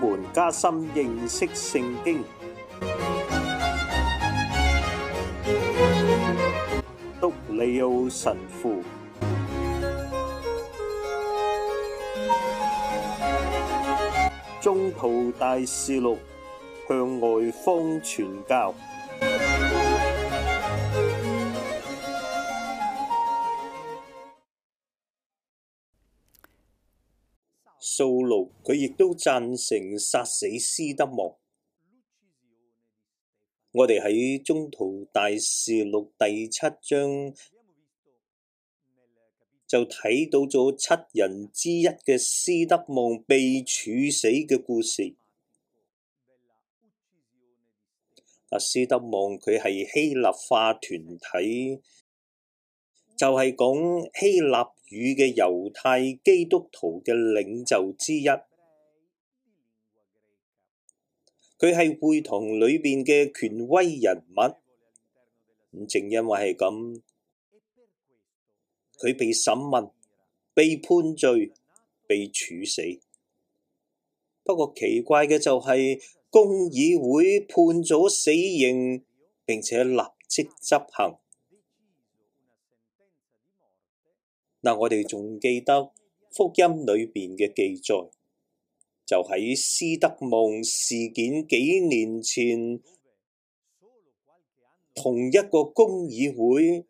我們加深認識聖經，督利奧神父、宗徒大事錄向外方傳教。掃祿，佢亦都贊成殺死斯德望。我哋喺《宗徒大事錄》第七章就睇到咗七人之一嘅斯德望被處死嘅故事。嗱，斯德望佢係希臘化團體，就係講希臘語嘅猶太基督徒嘅領袖之一，佢係會堂裏邊嘅權威人物。唔正因為係咁，佢被審問、被判罪、被處死。不過奇怪嘅就係，公議會判咗死刑，並且立即執行。嗱，我哋仲記得福音裏邊嘅記載，就喺斯德望事件幾年前，同一個公議會，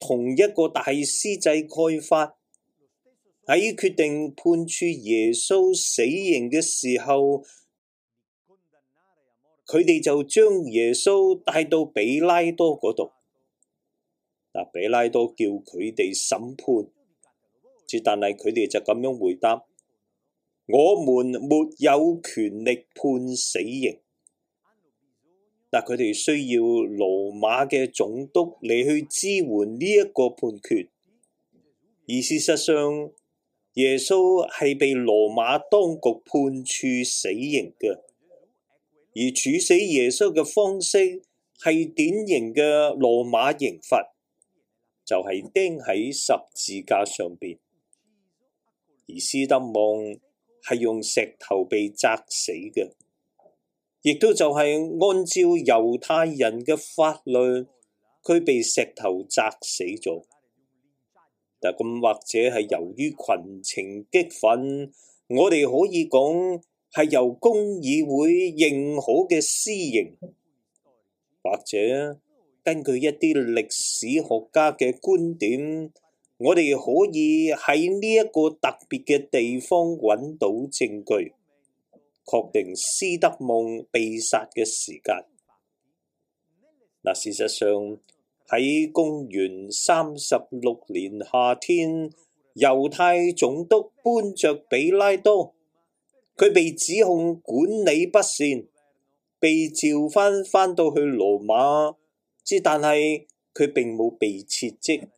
同一個大司祭蓋法，喺決定判處耶穌死刑嘅時候，佢哋就將耶穌帶到比拉多嗰度。嗱，比拉多叫佢哋審判。但係佢哋就咁樣回答：，我們沒有權力判死刑。但佢哋需要羅馬嘅總督嚟去支援呢一個判決。而事實上，耶穌係被羅馬當局判處死刑嘅，而處死耶穌嘅方式係典型嘅羅馬刑罰，就係釘喺十字架上邊。而斯德望係用石頭被砸死嘅，亦都就係按照猶太人嘅法律，佢被石頭砸死咗。但咁或者係由於群情激憤，我哋可以講係由公議會認可嘅私刑，或者根據一啲歷史學家嘅觀點。我哋可以喺呢一個特別嘅地方揾到證據，確定斯德望被殺嘅時間。嗱，事實上喺公元三十六年夏天，猶太總督般雀比拉多，佢被指控管理不善，被召返返到去羅馬，之但係佢並冇被撤職。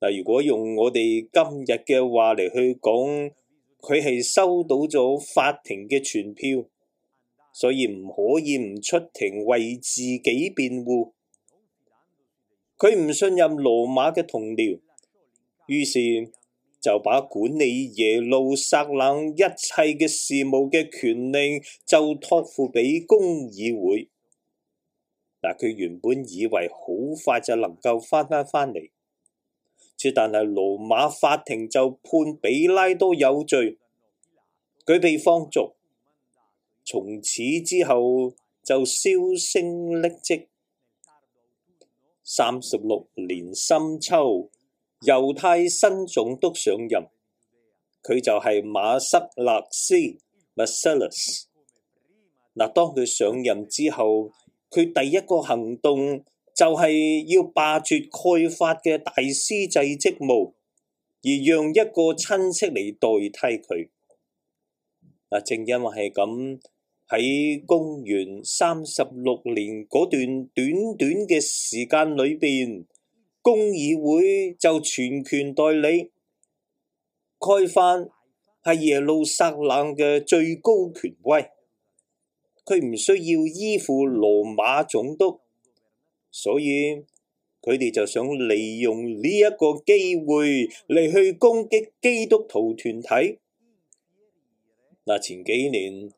嗱，如果用我哋今日嘅話嚟去講，佢係收到咗法庭嘅傳票，所以唔可以唔出庭為自己辯護。佢唔信任羅馬嘅同僚，於是就把管理耶路撒冷一切嘅事務嘅權力就託付俾公議會。嗱，佢原本以為好快就能夠翻返返嚟。但係羅馬法庭就判比拉多有罪，佢被放逐，從此之後就銷聲匿跡。三十六年深秋，猶太新總督上任，佢就係馬塞勒斯 （Masalus）。嗱，當佢上任之後，佢第一個行動，就係要霸絕蓋法嘅大司祭職務，而讓一個親戚嚟代替佢。啊，正因為係咁，喺公元三十六年嗰段短短嘅時間裏邊，公議會就全權代理，蓋法係耶路撒冷嘅最高權威，佢唔需要依附羅馬總督。所以佢哋就想利用呢一個機會嚟去攻擊基督徒團體。嗱，前幾年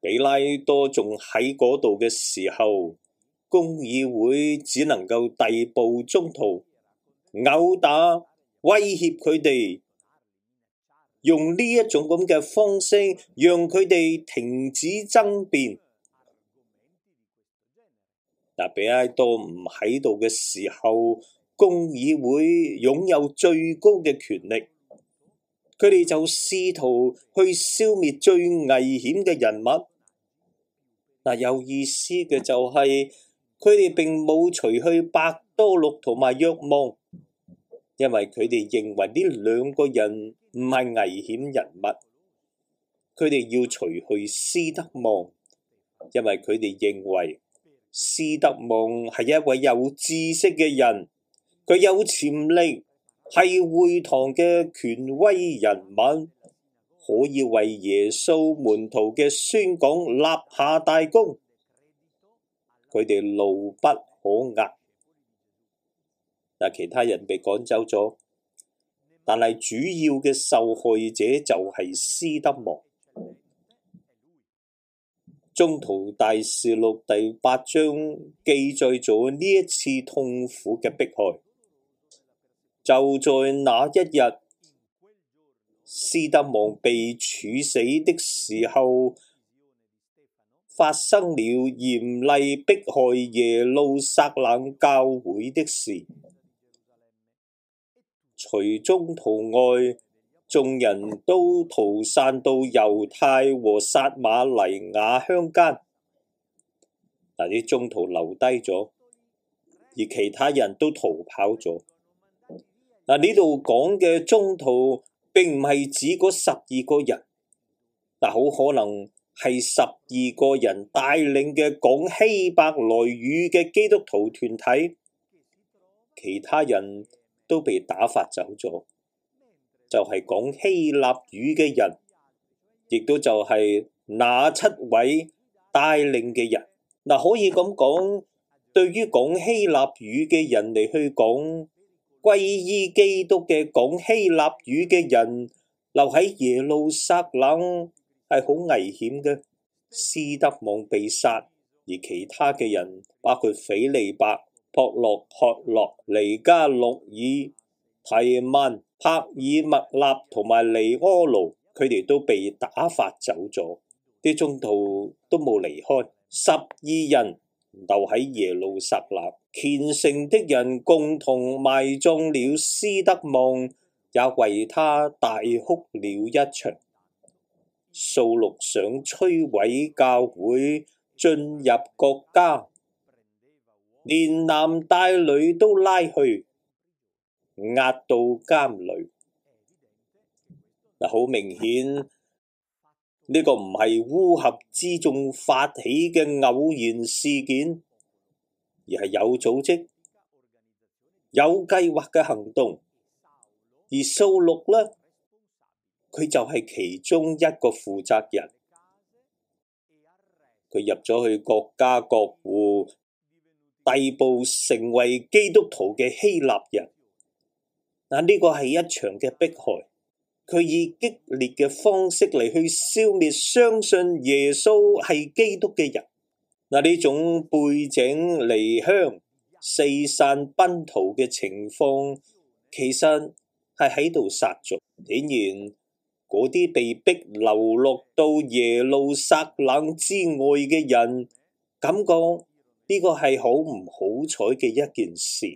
比拉多仲喺嗰度嘅時候，公議會只能夠逮捕宗徒、毆打、威脅佢哋，用呢一種咁嘅方式，讓佢哋停止爭辯。比埃多唔喺度嘅時候，公議會擁有最高嘅權力，佢哋就試圖去消滅最危險嘅人物。嗱，有意思嘅就係佢哋並冇除去白多禄同埋約望，因為佢哋認為呢兩個人唔係危險人物。佢哋要除去斯德望，因為佢哋認為。斯德望係一位有知識嘅人，佢有潛力，係會堂嘅權威人物，可以為耶穌門徒嘅宣講立下大功。佢哋怒不可遏，但其他人被趕走咗，但係主要嘅受害者就係斯德望。宗徒大事錄第八章記載咗呢一次痛苦嘅迫害，就在那一日，斯德望被處死的時候，發生了嚴厲迫害耶路撒冷教會的事。除宗徒外。眾人都逃散到猶太和撒馬黎雅鄉間，但啲宗徒留低咗，而其他人都逃跑咗。嗱，呢度講嘅宗徒，並唔係指嗰十二個人，但好可能係十二個人帶領嘅講希伯來語嘅基督徒團體，其他人都被打發走咗。就係講希臘語嘅人，亦都就係那七位帶領嘅人。嗱，可以咁講，對於講希臘語嘅人嚟去講，歸依基督嘅講希臘語嘅人，留喺耶路撒冷係好危險嘅，斯德望被殺。而其他嘅人，包括腓利伯、托洛、赫洛、尼加洛爾。提曼、帕爾麥納同埋尼柯魯，佢哋都被打發走咗，啲中途都冇離開。十二人留喺耶路撒冷，虔誠的人共同埋葬了斯德望，也為他大哭了一場。掃祿想摧毀教會，進入國家，連男帶女都拉去。押到監裏，嗱，好明顯呢、呢個唔係烏合之眾發起嘅偶然事件，而係有組織、有計劃嘅行動。而掃祿呢，佢就係其中一個負責人。佢入咗去各家各戶，逮捕成為基督徒嘅希臘人。嗱，呢個係一場嘅迫害，佢以激烈嘅方式嚟去消滅相信耶穌係基督嘅人。嗱，呢種背井離鄉、四散奔逃嘅情況，其實係喺度殺族。顯然，嗰啲被逼流落到耶路撒冷之外嘅人，感覺呢個係好唔好彩嘅一件事。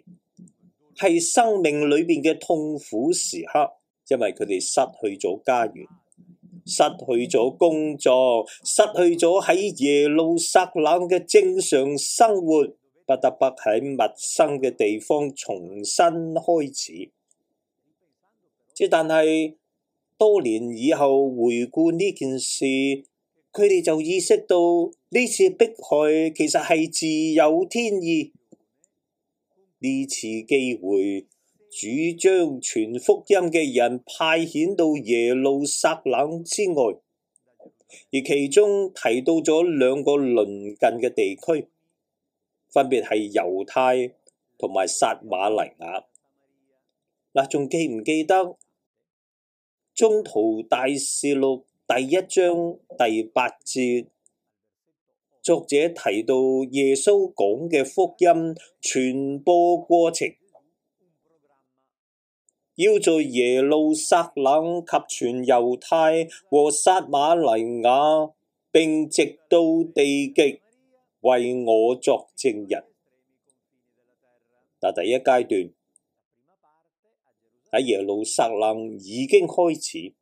係生命裏邊嘅痛苦時刻，因為佢哋失去咗家園，失去咗工作，失去咗喺耶路撒冷嘅正常生活，不得不喺陌生嘅地方重新開始。即但係多年以後回顧呢件事，佢哋就意識到呢次迫害其實係自有天意。呢次機會，主將傳福音嘅人派遣到耶路撒冷之外，而其中提到咗兩個鄰近嘅地區，分別係猶太同埋撒瑪黎亞。嗱，仲記唔記得《宗徒大事錄》第一章第八節？作者提到耶穌講嘅福音傳播過程，要在耶路撒冷及全猶太和撒馬黎雅，並直到地極為我作證人。但第一階段喺耶路撒冷已經開始，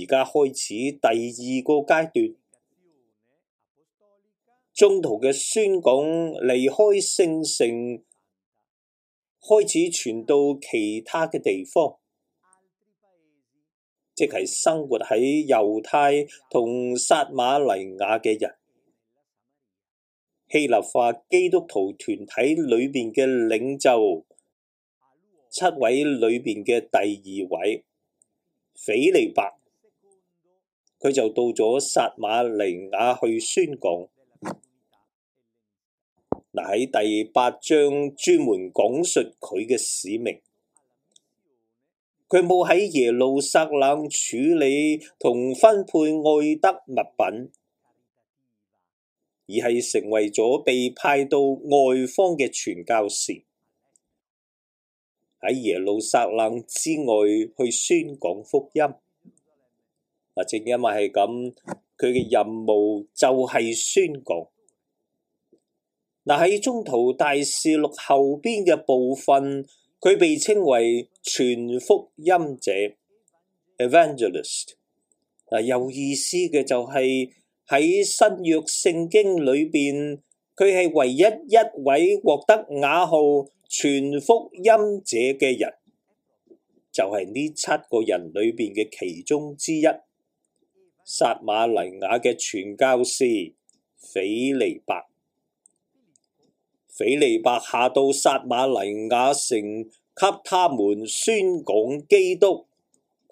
而家開始第二個階段。中途嘅宣講離開聖城，開始傳到其他嘅地方，即係生活喺猶太同撒瑪尼亞嘅人、希臘化基督徒團體裏邊嘅領袖，七位裏邊嘅第二位斐理伯，佢就到咗撒瑪尼亞去宣講。嗱，喺第八章專門講述佢嘅使命，佢冇喺耶路撒冷處理同分配愛德物品，而係成為咗被派到外方嘅傳教士，喺耶路撒冷之外去宣講福音。啊，正因為係咁。佢嘅任務就係宣告，嗱，喺《宗徒大事錄》後邊嘅部分，佢被稱為傳福音者 （evangelist）。啊，有意思嘅就係、是、喺新約聖經裏邊，佢係唯一一位獲得雅號傳福音者嘅人，就係、是、呢七個人裏邊嘅其中之一。撒瑪尼雅嘅傳教士斐理伯，斐理伯下到撒瑪尼雅城，給他們宣講基督。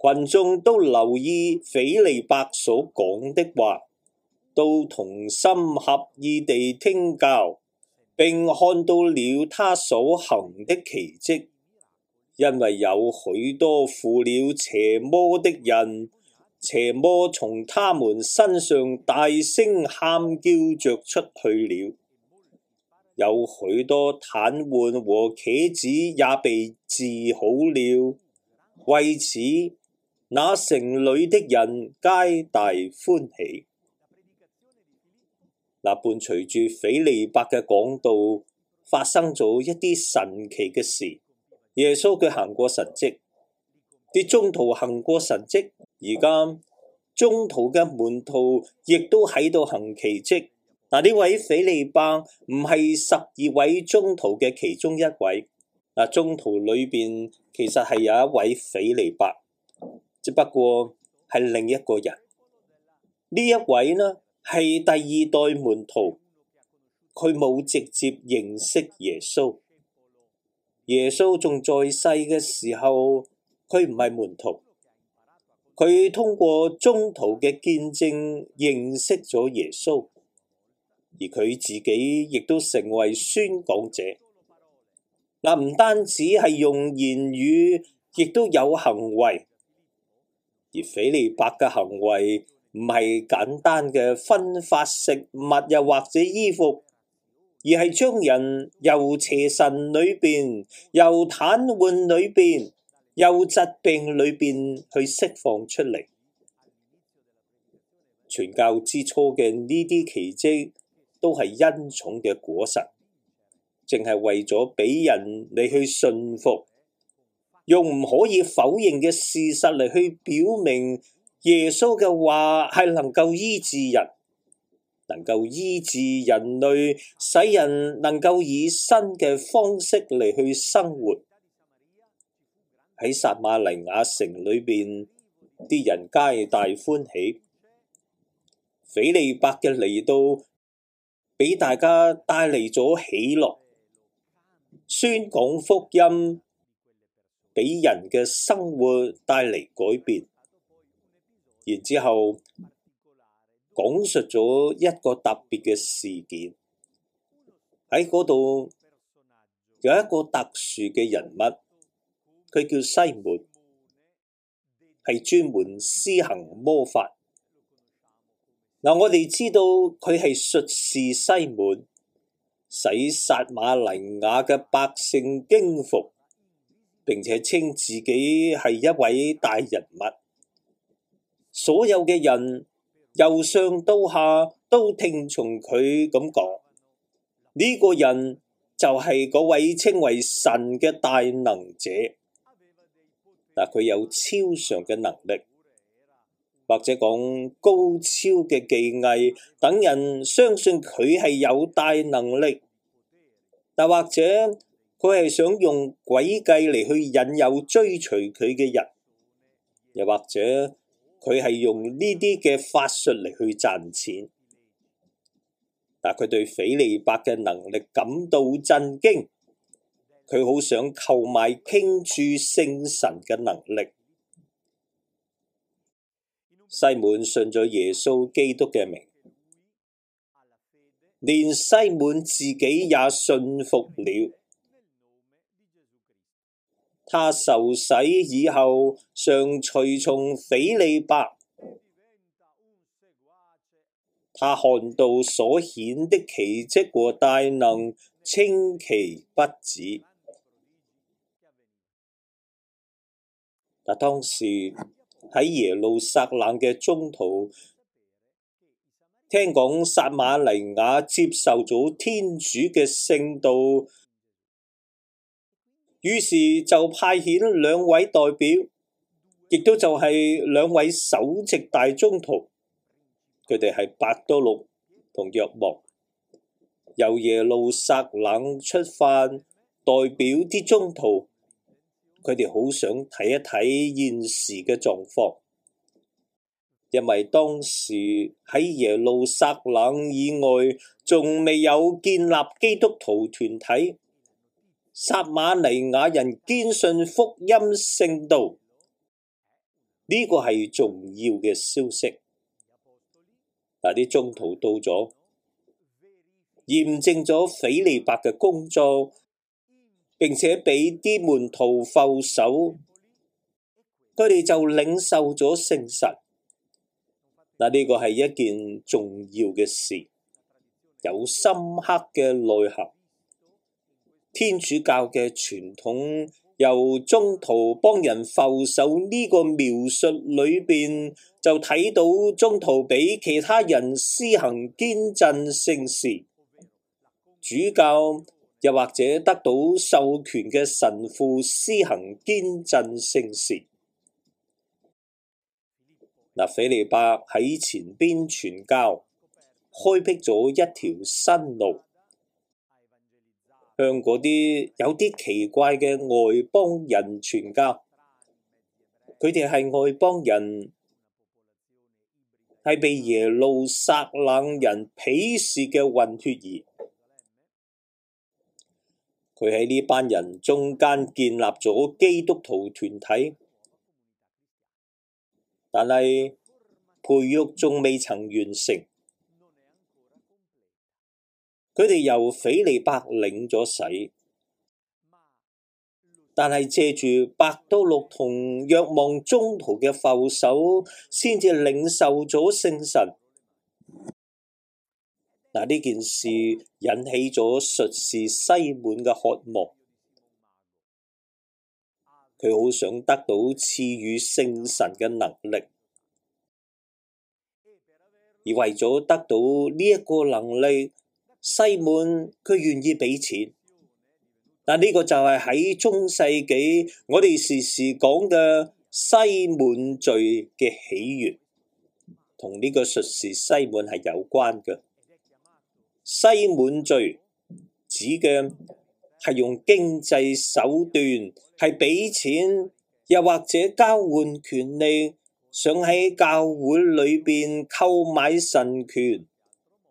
群眾都留意斐理伯所講的話，都同心合意地聽教，並看到了他所行的奇蹟。因為有許多附了邪魔的人。邪魔從他們身上大聲喊叫着出去了，有許多癱瘓和瘸子也被治好了。為此，那城裏的人皆大歡喜。嗱，伴隨住斐理伯嘅講道，發生咗一啲神奇嘅事。耶穌佢行過神跡。啲宗徒行過神跡，而家宗徒嘅門徒亦都喺度行奇跡。嗱，呢位斐利伯唔係十二位宗徒嘅其中一位。嗱，宗徒裏邊其實係有一位斐利伯，只不過係另一個人。呢一位呢係第二代門徒，佢冇直接認識耶穌。耶穌仲在世嘅時候。佢唔係門徒，佢通過中途嘅見證認識咗耶穌，而佢自己亦都成為宣講者。嗱，唔單止係用言語，亦都有行為。而腓力伯嘅行為唔係簡單嘅分發食物又或者衣服，而係將人由邪神裏邊，由癱瘓裏邊，有疾病裏邊去釋放出嚟，傳教之初嘅呢啲奇蹟都係恩寵嘅果實，淨係為咗俾人嚟去信服，用唔可以否認嘅事實嚟去表明耶穌嘅話係能夠醫治人，能夠醫治人類，使人能夠以新嘅方式嚟去生活。喺撒瑪黎亞城裏邊，啲人皆大歡喜。腓利伯嘅嚟到，俾大家帶嚟咗喜樂，宣講福音，俾人嘅生活帶嚟改變。然之後，講述咗一個特別嘅事件，喺嗰度有一個特殊嘅人物。佢叫西門，係專門施行魔法。嗱、啊，我哋知道佢係術士西門，使撒馬利亞嘅百姓驚服，並且稱自己係一位大人物。所有嘅人由上到下都聽從佢咁講。呢、這個人就係嗰位稱為神嘅大能者。但佢有超常嘅能力，或者講高超嘅技藝，等人相信佢係有大能力。但或者佢係想用詭計嚟去引誘追隨佢嘅人，又或者佢係用呢啲嘅法術嚟去賺錢。但佢對斐理伯嘅能力感到震驚。佢好想購買傾注聖神嘅能力。西滿信咗耶穌基督嘅名，連西滿自己也信服了。他受洗以後，常隨從腓利伯。他看到所顯的奇蹟和大能，稱奇不止。嗱，但當時喺耶路撒冷嘅宗徒，聽講撒瑪黎雅接受咗天主嘅聖道，於是就派遣兩位代表，亦都就係兩位首席大宗徒，佢哋係伯多祿同若望，由耶路撒冷出發，代表啲宗徒。佢哋好想睇一睇現時嘅狀況，因為當時喺耶路撒冷以外，仲未有建立基督徒團體。撒瑪尼亞人堅信福音聖道，呢個係重要嘅消息。嗱，啲宗徒到咗，驗證咗斐理伯嘅工作。並且俾啲門徒覆手，佢哋就領受咗聖神。嗱，呢個係一件重要嘅事，有深刻嘅內涵。天主教嘅傳統，由宗徒幫人覆手呢個描述裏邊，就睇到宗徒俾其他人施行堅振聖事，主教。又或者得到授權嘅神父施行堅振聖事。嗱，腓利伯喺前邊傳教，開闢咗一條新路，向嗰啲有啲奇怪嘅外邦人傳教。佢哋係外邦人，係被耶路撒冷人鄙視嘅混血兒。佢喺呢班人中間建立咗基督徒團體，但係培育仲未曾完成。佢哋由腓利伯領咗洗，但係借住伯多祿同若望中途嘅覆手先至領受咗聖神。但呢件事引起咗術士西滿嘅渴望，佢好想得到賜予聖神嘅能力，而為咗得到呢一個能力，西滿佢願意俾錢。但呢個就係喺中世紀我哋時時講嘅西滿罪嘅起源，同呢個術士西滿係有關嘅。西滿罪指嘅係用經濟手段，係俾錢又或者交換權利，想喺教會裏邊購買神權，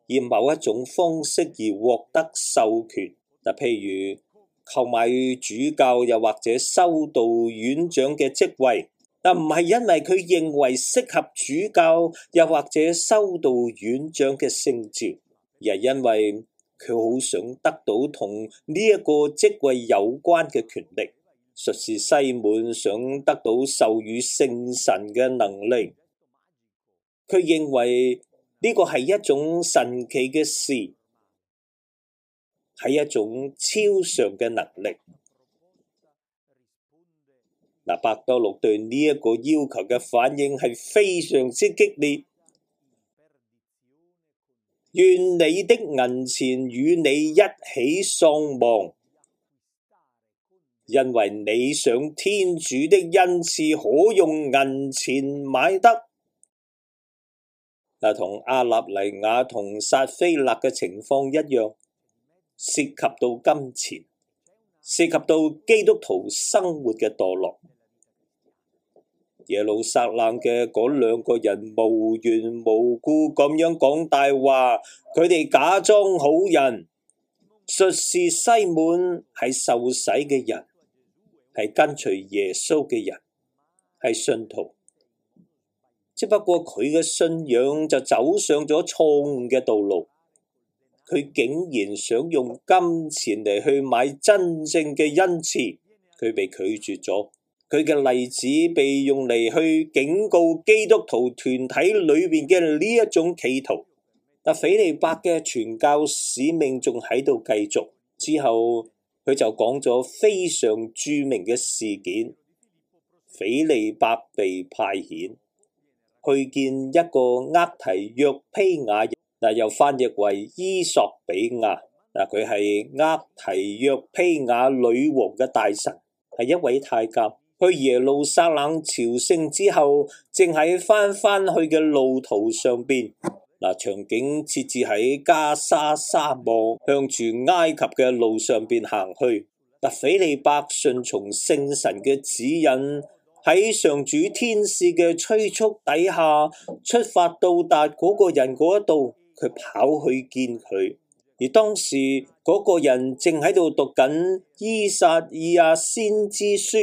以某一種方式而獲得授權。就譬如購買主教又或者修道院長嘅職位，但唔係因為佢認為適合主教又或者修道院長嘅聖召。亦因為佢好想得到同呢一個職位有關嘅權力，術士西滿想得到授予聖神嘅能力，佢認為呢個係一種神奇嘅事，係一種超常嘅能力。嗱，伯多祿對呢一個要求嘅反應係非常之激烈。願你的銀錢與你一起喪亡，因為你想天主的恩賜可用銀錢買得。嗱，同阿納尼雅同撒非勒嘅情況一樣，涉及到金錢，涉及到基督徒生活嘅墮落。耶路撒冷嘅嗰兩個人無緣無故咁樣講大話，佢哋假裝好人。術士西滿係受洗嘅人，係跟隨耶穌嘅人，係信徒。只不過佢嘅信仰就走上咗錯誤嘅道路，佢竟然想用金錢嚟去買真正嘅恩賜，佢被拒絕咗。佢嘅例子被用嚟去警告基督徒團體裏邊嘅呢一種企圖。但腓利伯嘅傳教使命仲喺度繼續，之後，佢就講咗非常著名嘅事件。腓利伯被派遣去見一個厄提約披雅人，嗱又翻譯為伊索比亞，嗱佢係厄提約披亞女王嘅大臣，係一位太監。去耶路撒冷朝聖之後，正喺翻返去嘅路途上邊嗱，場景設置喺加沙沙漠，向住埃及嘅路上邊行去。特腓利伯順從聖神嘅指引，喺上主天使嘅催促底下出發，到達嗰個人嗰度，佢跑去見佢。而當時嗰個人正喺度讀緊《伊撒亞先知書》。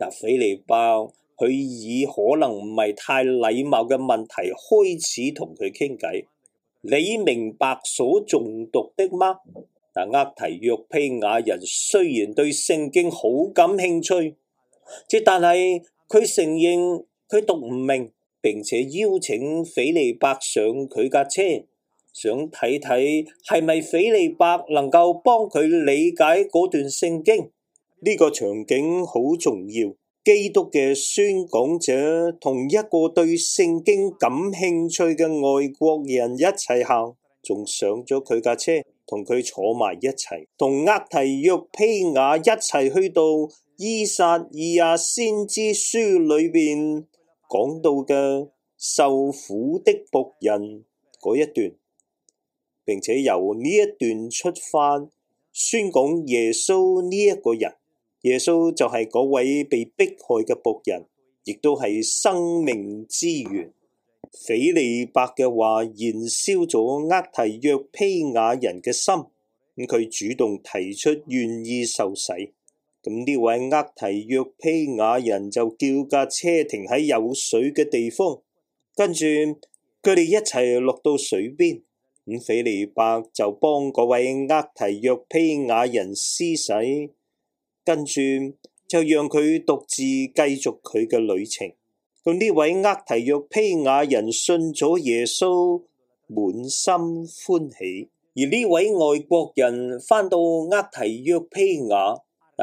嗱，腓利伯，佢以可能唔係太禮貌嘅問題開始同佢傾偈。你明白所中毒的嗎？嗱，厄提若披雅人雖然對聖經好感興趣，即但係佢承認佢讀唔明。並且邀請腓利伯上佢架車，想睇睇係咪腓利伯能夠幫佢理解嗰段聖經。呢個場景好重要。基督嘅宣講者同一個對聖經感興趣嘅外國人一齊行，仲上咗佢架車，同佢坐埋一齊，同厄提約披雅一齊去到《伊撒意亞先知書》裏邊講到嘅受苦的僕人嗰一段，並且由呢一段出發宣講耶穌呢一個人。耶穌就係嗰位被迫害嘅僕人，亦都係生命之源。腓利伯嘅話燃燒咗厄提約披雅人嘅心，咁、嗯、佢主動提出願意受洗。咁、嗯、呢位厄提約披雅人就叫架車停喺有水嘅地方，跟住佢哋一齊落到水邊。咁、嗯、腓利伯就幫嗰位厄提約披雅人施洗。跟住就讓佢獨自繼續佢嘅旅程。咁呢位厄提約披雅人信咗耶穌，滿心歡喜。而呢位外國人翻到厄提約披雅，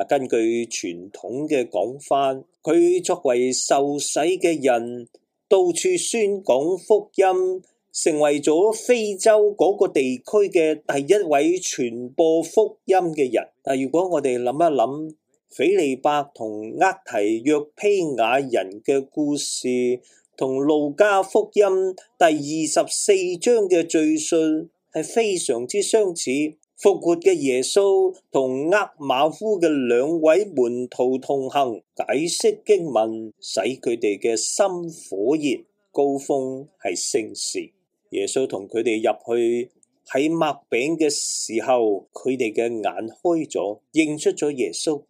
根據傳統嘅講法，佢作為受洗嘅人，到處宣講福音。成為咗非洲嗰個地區嘅第一位傳播福音嘅人。但如果我哋諗一諗腓利伯同厄提約披雅人嘅故事，同路加福音第二十四章嘅敘述係非常之相似。復活嘅耶穌同厄馬夫嘅兩位門徒同行，解釋經文，使佢哋嘅心火熱。高峰係聖事。耶穌同佢哋入去喺擘餅嘅時候，佢哋嘅眼開咗，認出咗耶穌，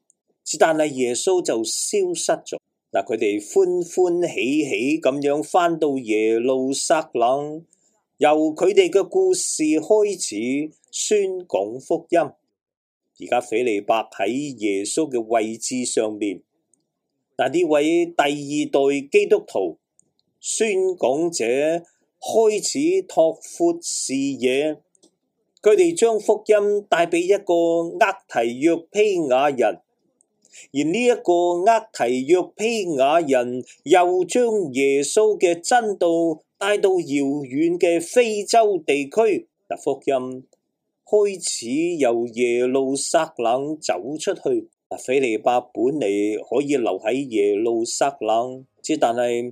只但係耶穌就消失咗。嗱，佢哋歡歡喜喜咁樣返到耶路撒冷，由佢哋嘅故事開始宣講福音。而家斐利伯喺耶穌嘅位置上面，嗱，呢位第二代基督徒宣講者。開始拓闊視野，佢哋將福音帶俾一個厄提約披雅人，而呢一個厄提約披雅人又將耶穌嘅真道帶到遙遠嘅非洲地區。嗱，福音開始由耶路撒冷走出去。腓利巴本嚟可以留喺耶路撒冷，之但係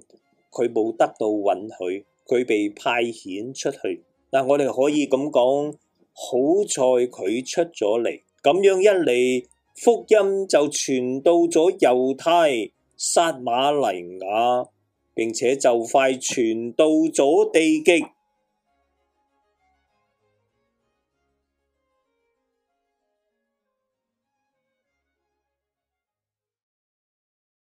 佢冇得到允許。佢被派遣出去，嗱，我哋可以咁講，好在佢出咗嚟，咁樣一嚟，福音就傳到咗猶太、撒瑪利亞，並且就快傳到咗地極。